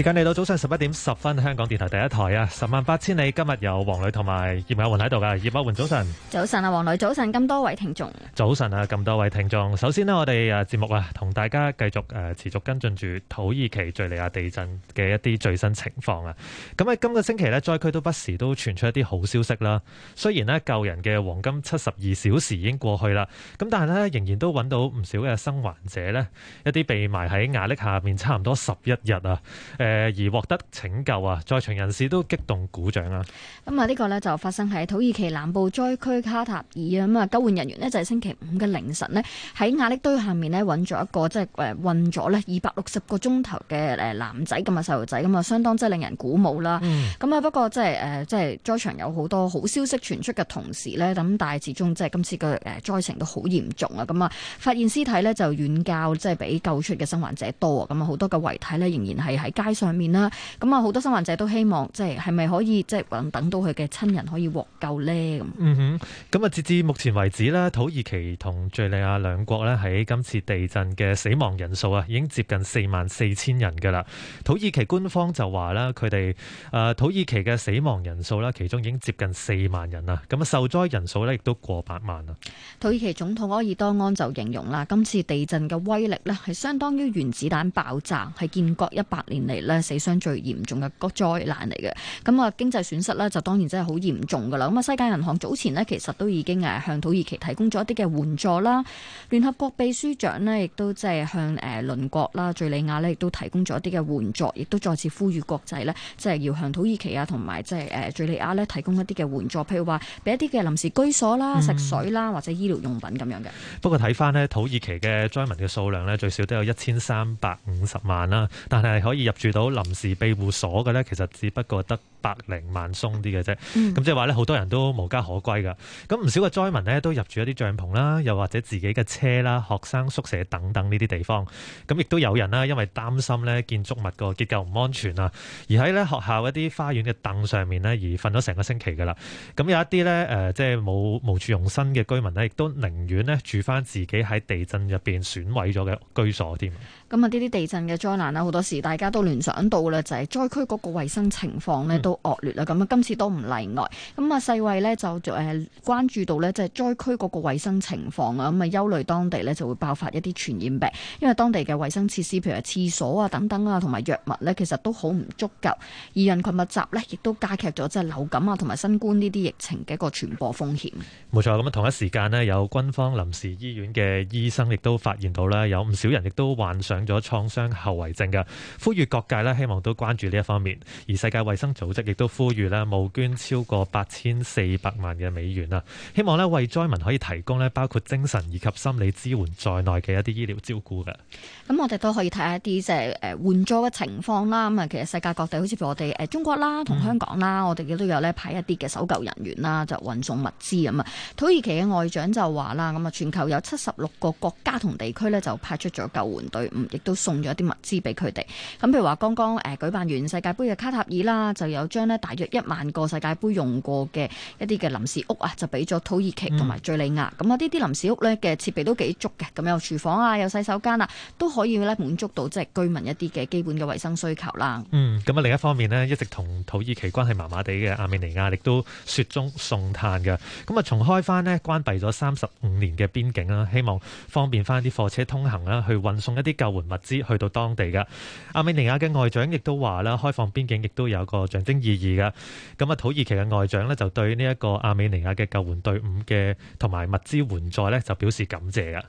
時間嚟到早上十一點十分，香港電台第一台啊！十萬八千里，今日有黃磊同埋葉阿環喺度噶。葉阿環，早晨。早晨啊，黃磊，早晨。咁多位聽眾。早晨啊，咁多位聽眾。首先呢，我哋誒節目啊，同大家繼續誒、呃、持續跟進住土耳其敘利亞地震嘅一啲最新情況啊。咁喺今個星期呢，災區都不時都傳出一啲好消息啦。雖然呢，救人嘅黃金七十二小時已經過去啦，咁但係呢，仍然都揾到唔少嘅生還者呢，一啲被埋喺壓力下面，差唔多十一日啊，誒、欸。誒，而獲得拯救啊！在場人士都激動鼓掌啊！咁啊、嗯，呢、呢個呢就發生喺土耳其南部災區卡塔爾啊！咁啊，救援人員呢就係星期五嘅凌晨呢，喺瓦礫堆下面呢揾咗一個即係誒困咗呢二百六十個鐘頭嘅誒男仔咁啊，細路仔，咁啊相當即係令人鼓舞啦！咁啊、嗯、不過即係誒即係災場有好多好消息傳出嘅同時呢。咁但係始終即係今次嘅誒災情都好嚴重啊！咁啊發現屍體呢就遠較即係比救出嘅生還者多啊！咁啊好多嘅遺體呢仍然係喺街。上面啦，咁啊，好多生還者都希望，即係係咪可以，即係等等到佢嘅親人可以獲救咧咁。嗯哼，咁啊，截至目前為止咧，土耳其同敘利亞兩國咧喺今次地震嘅死亡人數啊，已經接近四萬四千人噶啦。土耳其官方就話啦，佢哋誒土耳其嘅死亡人數咧，其中已經接近四萬人啦。咁啊，受災人數咧亦都過百萬啦，土耳其總統埃爾多安就形容啦，今次地震嘅威力咧係相當於原子彈爆炸，係建國一百年嚟。咧死傷最嚴重嘅個災難嚟嘅，咁啊，經濟損失咧就當然真係好嚴重噶啦。咁啊，世界銀行早前呢，其實都已經誒向土耳其提供咗一啲嘅援助啦。聯合國秘書長呢，亦都即係向誒鄰國啦、敍利亞呢，亦都提供咗一啲嘅援助，亦都再次呼籲國際呢，即係要向土耳其啊同埋即係誒敍利亞呢提供一啲嘅援助，譬如話俾一啲嘅臨時居所啦、食水啦、嗯、或者醫療用品咁樣嘅。不過睇返呢，土耳其嘅災民嘅數量呢，最少都有一千三百五十萬啦，但係可以入住到臨時庇護所嘅咧，其實只不過得百零萬鬆鬆啲嘅啫。咁即係話咧，好多人都無家可歸㗎。咁唔少嘅災民咧，都入住一啲帳篷啦，又或者自己嘅車啦、學生宿舍等等呢啲地方。咁亦都有人啦，因為擔心咧建築物個結構唔安全啊，而喺咧學校一啲花園嘅凳上面咧，而瞓咗成個星期㗎啦。咁有一啲咧誒，即係冇無處容身嘅居民咧，亦都寧願咧住返自己喺地震入面損毀咗嘅居所添。咁啊，呢啲地震嘅災難啦，好多時大家都聯想到咧，就係災區嗰個衞生情況咧都惡劣啦。咁啊，今次都唔例外。咁啊，世衛咧就誒關注到咧，即係災區嗰個衞生情況啊，咁啊憂慮當地咧就會爆發一啲傳染病，因為當地嘅衛生設施譬如係廁所啊等等啊，同埋藥物咧其實都好唔足夠，而人群密集咧亦都加劇咗即係流感啊同埋新冠呢啲疫情嘅一個傳播風險。冇錯，咁啊同一時間咧，有軍方臨時醫院嘅醫生亦都發現到啦，有唔少人亦都患上咗創傷後遺症嘅，呼籲各界咧希望都關注呢一方面。而世界衛生組織亦都呼籲咧募捐超過八千四百萬嘅美元啊，希望咧為災民可以提供咧包括精神以及心理支援在內嘅一啲醫療照顧嘅。咁、嗯、我哋都可以睇下一啲即係誒援助嘅情況啦。咁啊，其實世界各地好似我哋誒中國啦，同香港啦，嗯、我哋亦都有咧派一啲嘅搜救人員啦，就運送物資啊。土耳其嘅外長就話啦，咁啊，全球有七十六個國家同地區咧就派出咗救援隊伍。亦都送咗一啲物資俾佢哋。咁譬如話，剛剛誒舉辦完世界盃嘅卡塔爾啦，就有將呢大約一萬個世界盃用過嘅一啲嘅臨時屋啊，就俾咗土耳其同埋敘利亞。咁啊、嗯，呢啲臨時屋呢嘅設備都幾足嘅，咁有廚房啊，有洗手間啊，都可以咧滿足到即係居民一啲嘅基本嘅衛生需求啦。嗯，咁啊另一方面呢，一直同土耳其關係麻麻地嘅阿美尼亞，亦都雪中送炭嘅。咁啊，重開翻呢，關閉咗三十五年嘅邊境啦，希望方便翻啲貨車通行啦，去運送一啲救物資去到當地噶，阿美尼亞嘅外長亦都話啦，開放邊境亦都有個象徵意義噶。咁啊，土耳其嘅外長咧就對呢一個阿美尼亞嘅救援隊伍嘅同埋物資援助咧就表示感謝啊。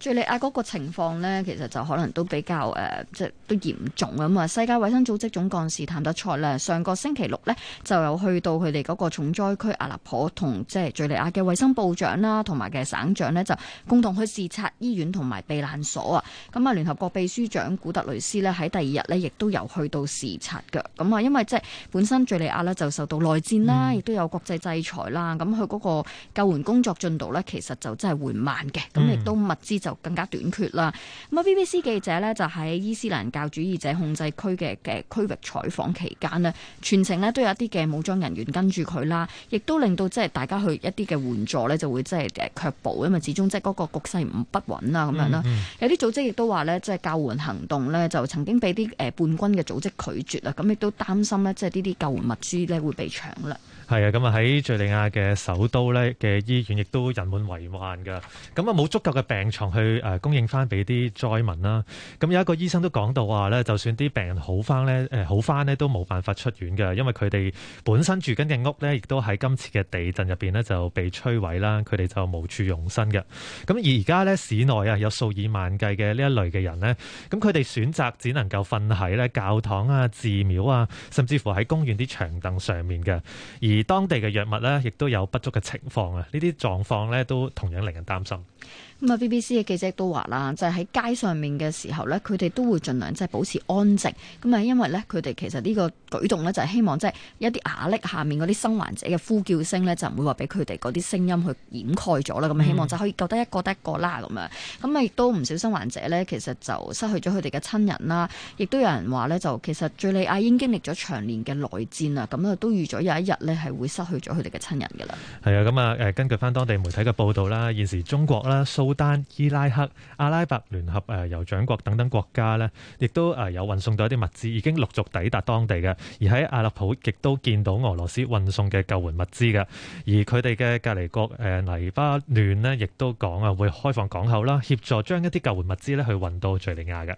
敘利亞嗰個情況咧，其實就可能都比較誒、呃，即都嚴重。咁啊，世界衛生組織總幹事譚德賽咧，上個星期六咧就有去到佢哋嗰個重災區阿勒頗，同即係敘利亞嘅衛生部長啦，同埋嘅省長呢，就共同去視察醫院同埋避難所啊。咁啊，聯合國。秘書長古特雷斯咧喺第二日咧，亦都有去到視察噶。咁啊，因為即係本身敘利亞咧就受到內戰啦，亦都、嗯、有國際制裁啦。咁佢嗰個救援工作進度咧，其實就真係緩慢嘅。咁亦都物資就更加短缺啦。咁啊，BBC 記者咧就喺伊斯蘭教主義者控制區嘅嘅區域採訪期間咧，全程咧都有一啲嘅武裝人員跟住佢啦，亦都令到即係大家去一啲嘅援助咧，就會即係誒卻步，因為始終即係嗰個局勢唔不穩啦，咁樣啦。嗯嗯、有啲組織亦都話咧，即係。救援行動咧就曾經俾啲欸叛軍嘅組織拒絕啦，咁亦都擔心咧，即係呢啲救援物資咧會被搶啦。係啊，咁啊喺敍利亞嘅首都咧嘅醫院，亦都人滿為患噶。咁啊冇足夠嘅病床去誒供應翻俾啲災民啦。咁有一個醫生都講到話咧，就算啲病人好翻咧，誒好翻咧都冇辦法出院噶，因為佢哋本身住緊嘅屋咧，亦都喺今次嘅地震入邊咧就被摧毀啦。佢哋就無處容身嘅。咁而家咧市內啊有數以萬計嘅呢一類嘅人咧，咁佢哋選擇只能夠瞓喺咧教堂啊、寺廟啊，甚至乎喺公園啲長凳上面嘅，而而當地嘅藥物咧，亦都有不足嘅情況啊！狀況呢啲狀況咧，都同樣令人擔心。咁啊，BBC 嘅記者都話啦，就係、是、喺街上面嘅時候咧，佢哋都會盡量即係保持安靜。咁啊，因為咧，佢哋其實呢個舉動咧，就係希望即係一啲瓦礫下面嗰啲生還者嘅呼叫聲咧，就唔會話俾佢哋嗰啲聲音去掩蓋咗啦。咁希望就可以救得一個得一個啦咁、嗯、樣。咁啊，亦都唔少生還者咧，其實就失去咗佢哋嘅親人啦。亦都有人話咧，就其實敍利亞已經經歷咗長年嘅內戰啦，咁啊都預咗有一日咧係會失去咗佢哋嘅親人噶啦。係啊，咁啊誒，根據翻當地媒體嘅報道啦，現時中國啦，烏丹、伊拉克、阿拉伯聯合誒酋長國等等國家咧，亦都誒有運送到一啲物資，已經陸續抵達當地嘅。而喺阿勒普，亦都見到俄羅斯運送嘅救援物資嘅。而佢哋嘅隔籬國誒黎巴嫩呢，亦都講啊會開放港口啦，協助將一啲救援物資咧去運到敘利亞嘅。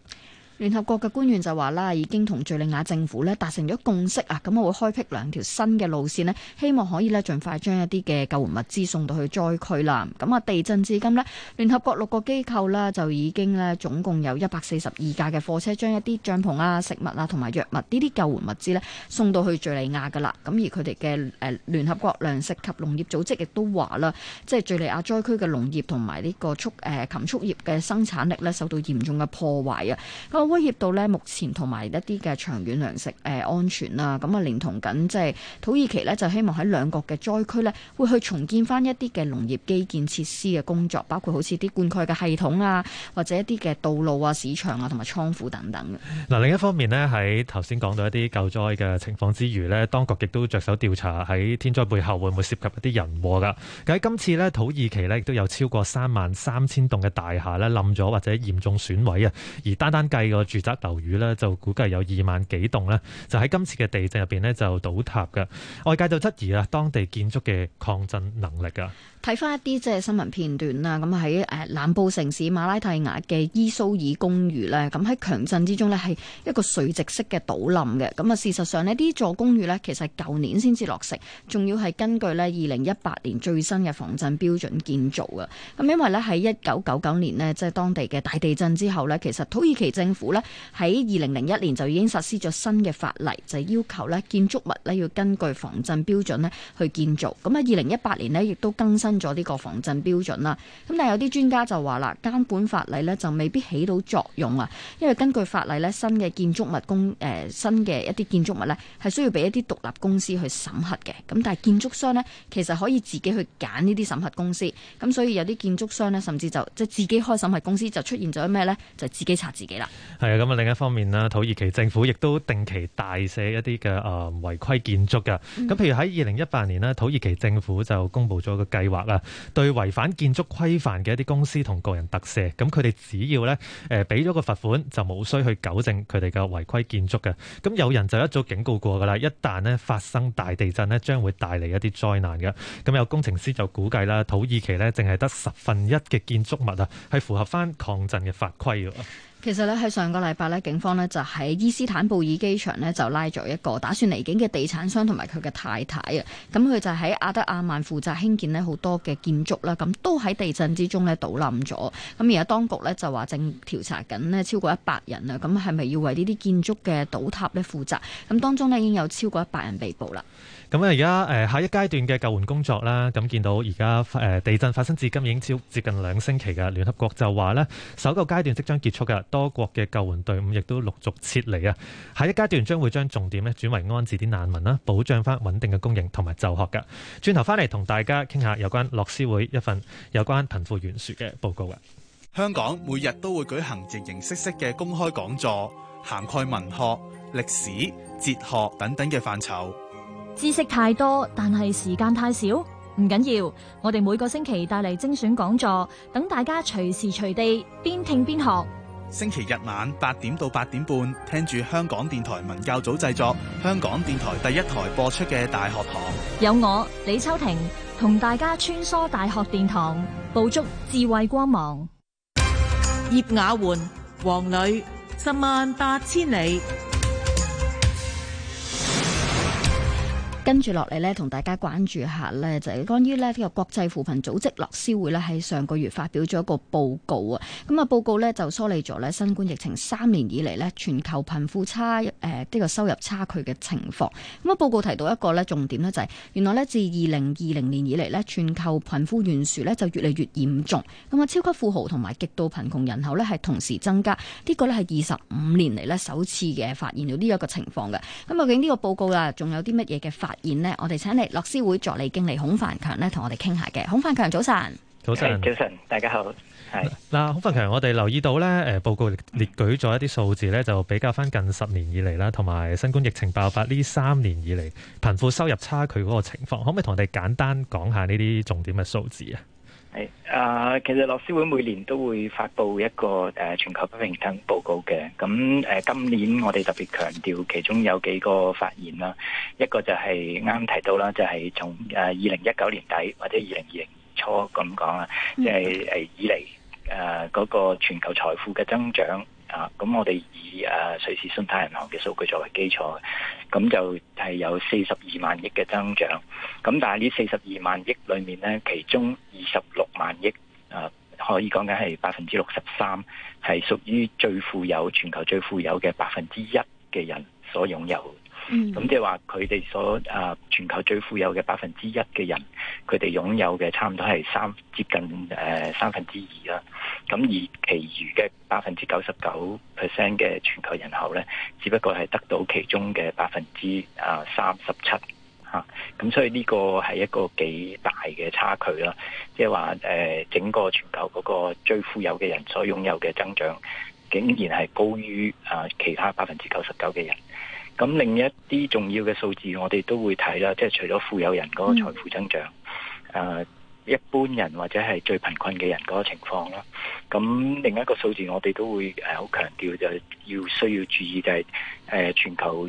聯合國嘅官員就話啦，已經同敍利亞政府咧達成咗共識啊，咁我會開闢兩條新嘅路線咧，希望可以咧盡快將一啲嘅救援物資送到去災區啦。咁啊，地震至今咧，聯合國六個機構啦就已經咧總共有一百四十二架嘅貨車，將一啲帳篷啊、食物啊同埋藥物呢、啊、啲救援物資咧送到去敍利亞噶啦。咁而佢哋嘅誒聯合國糧食及農業組織亦都話啦，即係敍利亞災區嘅農業同埋呢個畜誒禽畜業嘅生產力咧受到嚴重嘅破壞啊。威脅到呢，目前同埋一啲嘅長遠糧食誒安全啊，咁啊，連同緊即係土耳其呢，就希望喺兩國嘅災區呢，會去重建返一啲嘅農業基建設施嘅工作，包括好似啲灌溉嘅系統啊，或者一啲嘅道路啊、市場啊、同埋倉庫等等嘅。嗱，另一方面呢，喺頭先講到一啲救災嘅情況之餘呢，當局亦都着手調查喺天災背後會唔會涉及一啲人禍㗎。咁喺今次呢，土耳其呢，亦都有超過三萬三千棟嘅大廈呢冧咗或者嚴重損毀啊，而單單計，個住宅樓宇咧就估計有二萬幾棟咧，就喺今次嘅地震入邊咧就倒塌㗎，外界就質疑啊，當地建築嘅抗震能力噶。睇翻一啲即係新聞片段啦，咁喺誒南部城市馬拉蒂亞嘅伊蘇爾公寓呢，咁喺強震之中呢，係一個垂直式嘅倒冧嘅。咁啊，事實上呢，呢座公寓呢，其實舊年先至落成，仲要係根據呢二零一八年最新嘅防震標準建造嘅。咁因為呢，喺一九九九年呢，即係當地嘅大地震之後呢，其實土耳其政府呢，喺二零零一年就已經實施咗新嘅法例，就係、係、要求呢建築物呢要根據防震標準呢去建造。咁喺二零一八年呢，亦都更新咗呢個防震標準啦，咁但係有啲專家就話啦，監管法例呢就未必起到作用啊，因為根據法例呢，新嘅建築物公誒、呃、新嘅一啲建築物呢係需要俾一啲獨立公司去審核嘅，咁但係建築商呢，其實可以自己去揀呢啲審核公司，咁所以有啲建築商呢，甚至就即係自己開審核公司，就出現咗咩呢？就自己查自己啦。係啊，咁啊另一方面咧，土耳其政府亦都定期大寫一啲嘅誒違規建築㗎，咁譬如喺二零一八年呢，嗯、土耳其政府就公布咗個計劃。啊！對違反建築規範嘅一啲公司同個人特赦，咁佢哋只要咧誒俾咗個罰款，就冇需去糾正佢哋嘅違規建築嘅。咁有人就一早警告過噶啦，一旦咧發生大地震咧，將會帶嚟一啲災難嘅。咁有工程師就估計啦，土耳其咧淨係得十分一嘅建築物啊，係符合返抗震嘅法規。其實咧喺上個禮拜咧，警方咧就喺伊斯坦布爾機場咧就拉咗一個打算離境嘅地產商同埋佢嘅太太啊，咁佢就喺阿德亞曼負責興建咧好多嘅建築啦，咁都喺地震之中咧倒冧咗，咁而家當局咧就話正調查緊咧超過一百人啊，咁係咪要為呢啲建築嘅倒塌咧負責？咁當中咧已經有超過一百人被捕啦。咁啊！而家誒下一階段嘅救援工作啦，咁見到而家誒地震發生至今已經超接近兩星期嘅聯合國就話咧，首個階段即將結束，嘅多國嘅救援隊伍亦都陸續撤離啊。下一階段將會將重點咧轉為安置啲難民啦，保障翻穩定嘅供應同埋就學噶轉頭翻嚟同大家傾下有關樂施會一份有關貧富懸殊嘅報告嘅。香港每日都會舉行形形式式嘅公開講座，涵蓋文學、歷史、哲學等等嘅範疇。知識太多，但係時間太少，唔緊要。我哋每個星期帶嚟精選講座，等大家隨時隨地邊聽邊學。星期日晚八點到八點半，聽住香港電台文教組製作、香港電台第一台播出嘅《大學堂》，有我李秋婷同大家穿梭大學殿堂，捕捉智慧光芒。葉雅媛、黃磊，十萬八千里。跟住落嚟咧，同大家關注下咧，就係、是、關於咧呢、這個國際扶貧組織樂施會呢，喺上個月發表咗一個報告啊。咁、嗯、啊，報告呢，就梳理咗呢新冠疫情三年以嚟呢，全球貧富差誒呢、呃這個收入差距嘅情況。咁、嗯、啊，報告提到一個呢重點呢、就是，就係原來呢，自二零二零年以嚟呢，全球貧富懸殊呢就越嚟越嚴重。咁、嗯、啊，超級富豪同埋極度貧窮人口呢，係同時增加，呢、這個呢，係二十五年嚟呢首次嘅發現到呢一個情況嘅。咁、嗯、究竟呢個報告啊，仲有啲乜嘢嘅發？現咧，我哋請嚟樂施會助理經理孔繁強咧同我哋傾下嘅。孔繁強，早晨，早晨，早晨，大家好。係嗱，孔繁強，我哋留意到咧，誒，報告列舉咗一啲數字咧，就比較翻近十年以嚟啦，同埋新冠疫情爆發呢三年以嚟貧富收入差距嗰個情況，可唔可以同我哋簡單講下呢啲重點嘅數字啊？係。其實樂施會每年都會發佈一個誒全球不平等報告嘅，咁誒今年我哋特別強調其中有幾個發現啦，一個就係啱啱提到啦，就係從誒二零一九年底或者二零二零年初咁講啦，即係誒以嚟誒嗰個全球財富嘅增長啊，咁我哋以誒瑞士信貸銀行嘅數據作為基礎，咁就。係有四十二萬億嘅增長，咁但係呢四十二萬億裏面呢，其中二十六萬億，誒可以講緊係百分之六十三，係屬於最富有全球最富有嘅百分之一嘅人所擁有。咁即係話，佢哋、嗯、所誒全球最富有嘅百分之一嘅人，佢哋擁有嘅差唔多係三接近誒三分之二啦。咁而其餘嘅百分之九十九 percent 嘅全球人口咧，只不過係得到其中嘅百分之啊三十七吓。咁所以呢個係一個幾大嘅差距啦。即係話誒整個全球嗰個最富有嘅人所擁有嘅增長，竟然係高於啊其他百分之九十九嘅人。咁另一啲重要嘅數字，我哋都會睇啦，即、就、係、是、除咗富有人嗰個財富增長誒、mm hmm. 呃、一般人或者係最貧困嘅人嗰個情況啦。咁另一個數字，我哋都會誒好強調，就係要需要注意就係、是、誒、呃、全球誒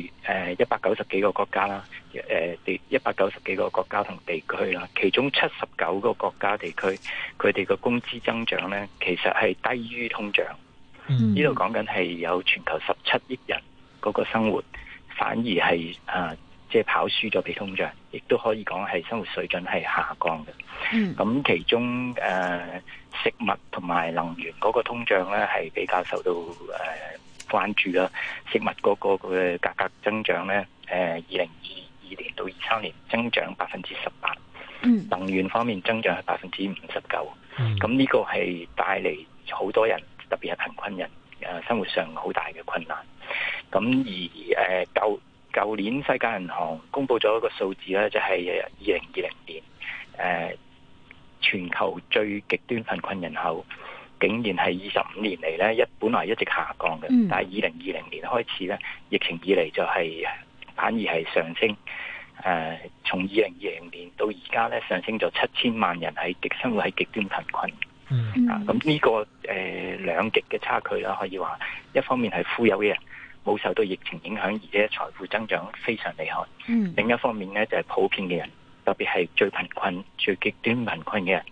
一百九十幾個國家啦，誒地一百九十幾個國家同地區啦，其中七十九個國家地區佢哋個工資增長咧，其實係低於通脹。呢度講緊係有全球十七億人嗰個生活。反而係啊、呃，即係跑輸咗俾通脹，亦都可以講係生活水準係下降嘅。嗯，咁其中誒、呃、食物同埋能源嗰個通脹咧係比較受到誒、呃、關注啦。食物嗰個嘅價格增長咧，誒二零二二年到二三年增長百分之十八，嗯，能源方面增長係百分之五十九，咁呢、嗯、個係帶嚟好多人，特別係貧困人。誒，生活上好大嘅困難。咁而誒、舊、呃、舊年世界銀行公布咗一個數字咧，就係二零二零年誒、呃，全球最極端貧困人口竟然係二十五年嚟，咧一本來一直下降嘅，嗯、但係二零二零年開始咧，疫情以嚟就係反而係上升。誒、呃，從二零二零年到而家咧，上升咗七千萬人喺極生活喺極端貧困。嗯、mm hmm. 啊，咁、這、呢個誒、呃、兩極嘅差距啦，可以話一方面係富有嘅人冇受到疫情影響，而且財富增長非常厲害；嗯、mm，hmm. 另一方面咧就係、是、普遍嘅人，特別係最貧困、最極端貧困嘅人。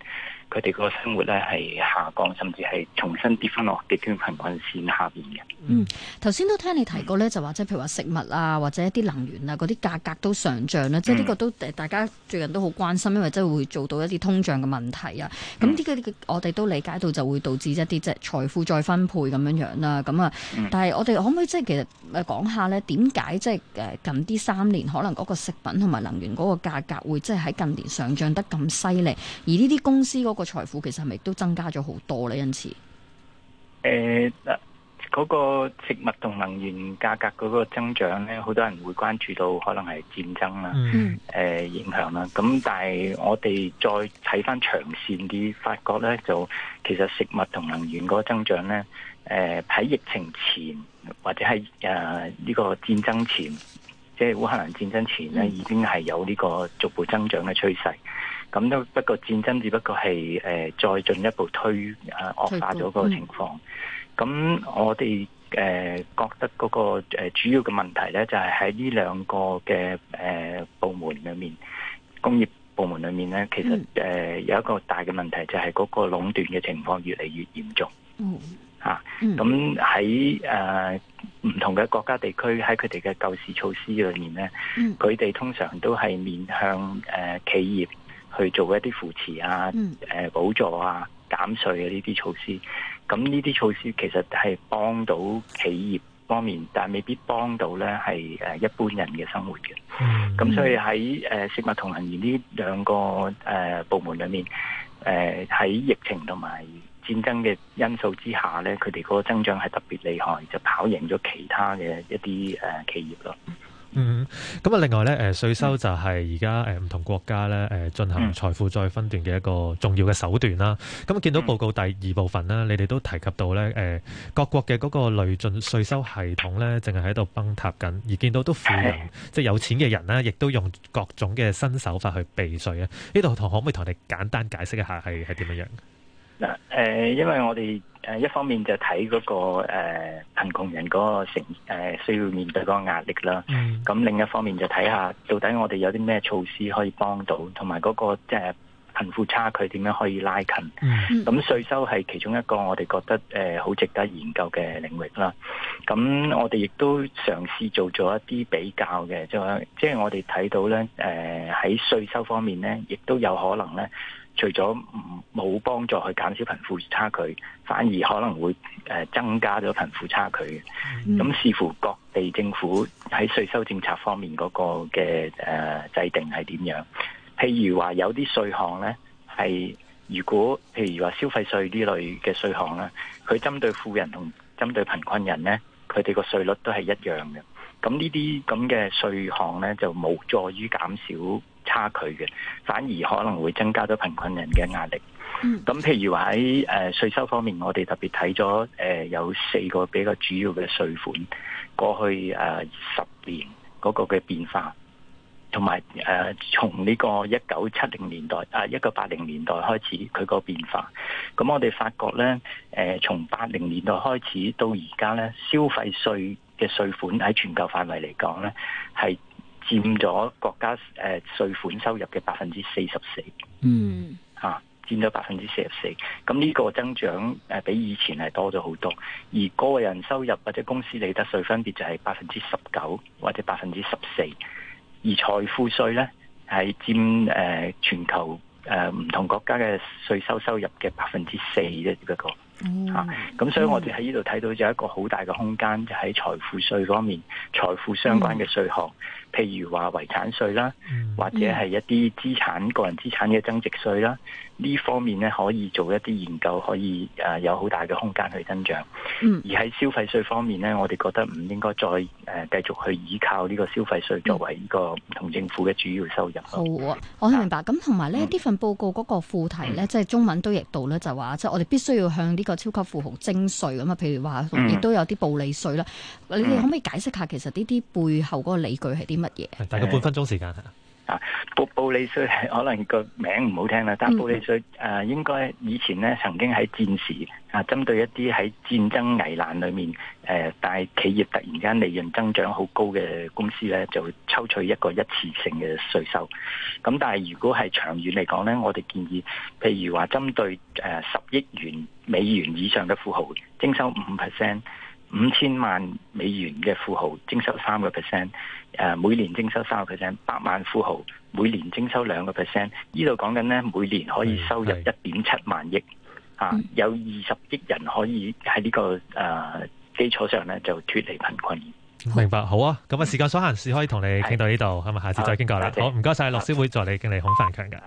佢哋個生活咧係下降，甚至係重新跌翻落極端貧困線下邊嘅。嗯，頭先都聽你提過咧，嗯、就話即係譬如話食物啊，或者一啲能源啊，嗰啲價格都上漲啦。嗯、即係呢個都大家最近都好關心，因為即係會做到一啲通脹嘅問題啊。咁呢個我哋都理解到，就會導致一啲即係財富再分配咁樣樣啦。咁啊，但係我哋可唔可以即係其實誒講下咧，點解即係誒近啲三年可能嗰個食品同埋能源嗰個價格會即係喺近年上漲得咁犀利？而呢啲公司嗰、嗰個個財富其實係咪都增加咗好多咧？因此、呃、誒、那、嗰個食物同能源價格嗰個增長咧，好多人會關注到可能係戰爭啦，誒、mm. 呃、影響啦。咁但係我哋再睇翻長線啲，發覺咧就其實食物同能源嗰個增長咧，誒、呃、喺疫情前或者係誒呢個戰爭前，即係烏克蘭戰爭前咧，已經係有呢個逐步增長嘅趨勢。咁都不過，戰爭只不過係誒、呃、再進一步推誒、呃、惡化咗個情況。咁、嗯、我哋誒、呃、覺得嗰、那個、呃、主要嘅問題咧，就係喺呢兩個嘅誒、呃、部門裏面，工業部門裏面咧，其實誒、呃、有一個大嘅問題，就係、是、嗰個壟斷嘅情況越嚟越嚴重。嗯、啊，咁喺誒唔同嘅國家地區，喺佢哋嘅救市措施裏面咧，佢哋、嗯、通常都係面向誒、呃、企業。去做一啲扶持啊、誒、呃、補助啊、減稅啊呢啲措施，咁呢啲措施其實係幫到企業方面，但係未必幫到咧係誒一般人嘅生活嘅。咁、嗯、所以喺誒、呃、食物同能源呢兩個誒、呃、部門裏面，誒、呃、喺疫情同埋戰爭嘅因素之下咧，佢哋嗰個增長係特別厲害，就跑贏咗其他嘅一啲誒、呃、企業咯。嗯，咁啊，另外咧，誒，稅收就係而家誒唔同國家咧，誒、呃、進行財富再分段嘅一個重要嘅手段啦。咁、啊嗯嗯、見到報告第二部分咧，你哋都提及到咧，誒、呃、各國嘅嗰個累進稅收系統咧，淨係喺度崩塌緊，而見到都富人即係有錢嘅人啦，亦都用各種嘅新手法去避稅啊。呢度可可唔可以同你哋簡單解釋一下係係點樣？誒、呃，因為我哋誒一方面就睇嗰、嗰個誒貧窮人嗰個成誒、呃、需要面對嗰個壓力啦，咁、mm. 另一方面就睇下到底我哋有啲咩措施可以幫到，同埋嗰個即係貧富差距點樣可以拉近。咁稅、mm. 收係其中一個我哋覺得誒好、呃、值得研究嘅領域啦。咁我哋亦都嘗試做咗一啲比較嘅，即係即係我哋睇到咧，誒喺稅收方面咧，亦都有可能咧。除咗冇幫助去減少貧富差距，反而可能會誒增加咗貧富差距嘅。咁、mm. 視乎各地政府喺稅收政策方面嗰個嘅誒制定係點樣？譬如話有啲稅項呢係如果譬如話消費稅呢類嘅稅項呢，佢針對富人同針對貧困人呢，佢哋個稅率都係一樣嘅。咁呢啲咁嘅稅項呢，就冇助於減少差距嘅，反而可能會增加咗貧困人嘅壓力。咁譬如話喺誒稅收方面，我哋特別睇咗誒有四個比較主要嘅稅款過去誒、呃、十年嗰個嘅變化，同埋誒從呢個一九七零年代啊一九八零年代開始佢個變化。咁我哋發覺咧誒、呃、從八零年代開始到而家咧消費稅嘅稅款喺全球範圍嚟講咧係。佔咗國家誒稅款收入嘅百分之四十四，嗯啊，佔咗百分之四十四，咁呢個增長誒、呃、比以前係多咗好多，而個人收入或者公司利得稅分別就係百分之十九或者百分之十四，而財富稅呢係佔誒全球誒唔、呃、同國家嘅稅收收入嘅百分之四啫，只不過。.吓，咁、mm hmm. 啊、所以我哋喺呢度睇到就有一個好大嘅空間，就喺財富稅方面，財富相關嘅稅項，譬、mm hmm. 如話遺產稅啦，mm hmm. 或者係一啲資產個人資產嘅增值稅啦。呢方面咧可以做一啲研究，可以誒有好大嘅空間去增長。嗯、而喺消費稅方面咧，我哋覺得唔應該再誒繼續去依靠呢個消費稅作為呢個同政府嘅主要收入。好、啊，我明白。咁同埋咧，呢、嗯、份報告嗰個副題呢，即係中文都譯到呢，就話即係我哋必須要向呢個超級富豪徵稅咁啊。譬如話，亦都有啲暴利稅啦。你哋可唔可以解釋下其實呢啲背後嗰個理據係啲乜嘢？嗯、大概半分鐘時間。啊，暴暴利稅係可能個名唔好聽啦，但暴利稅誒，應該以前咧曾經喺戰時啊，針對一啲喺戰爭危難裏面誒、啊，但係企業突然間利潤增長好高嘅公司咧，就會抽取一個一次性嘅稅收。咁、啊、但係如果係長遠嚟講咧，我哋建議，譬如話針對誒十億元美元以上嘅富豪，徵收五 percent。五千萬美元嘅富豪徵收三個 percent，誒每年徵收三個 percent，百萬富豪每年徵收兩個 percent，呢度講緊咧每年可以收入一點七萬億，啊有二十億人可以喺呢、這個誒、呃、基礎上咧就脱離貧困。明白，好啊，咁啊時間所限事可以同你傾到呢度，咁啊是下次再傾過啦。好，唔該晒，樂施會助理經理孔繁強嘅。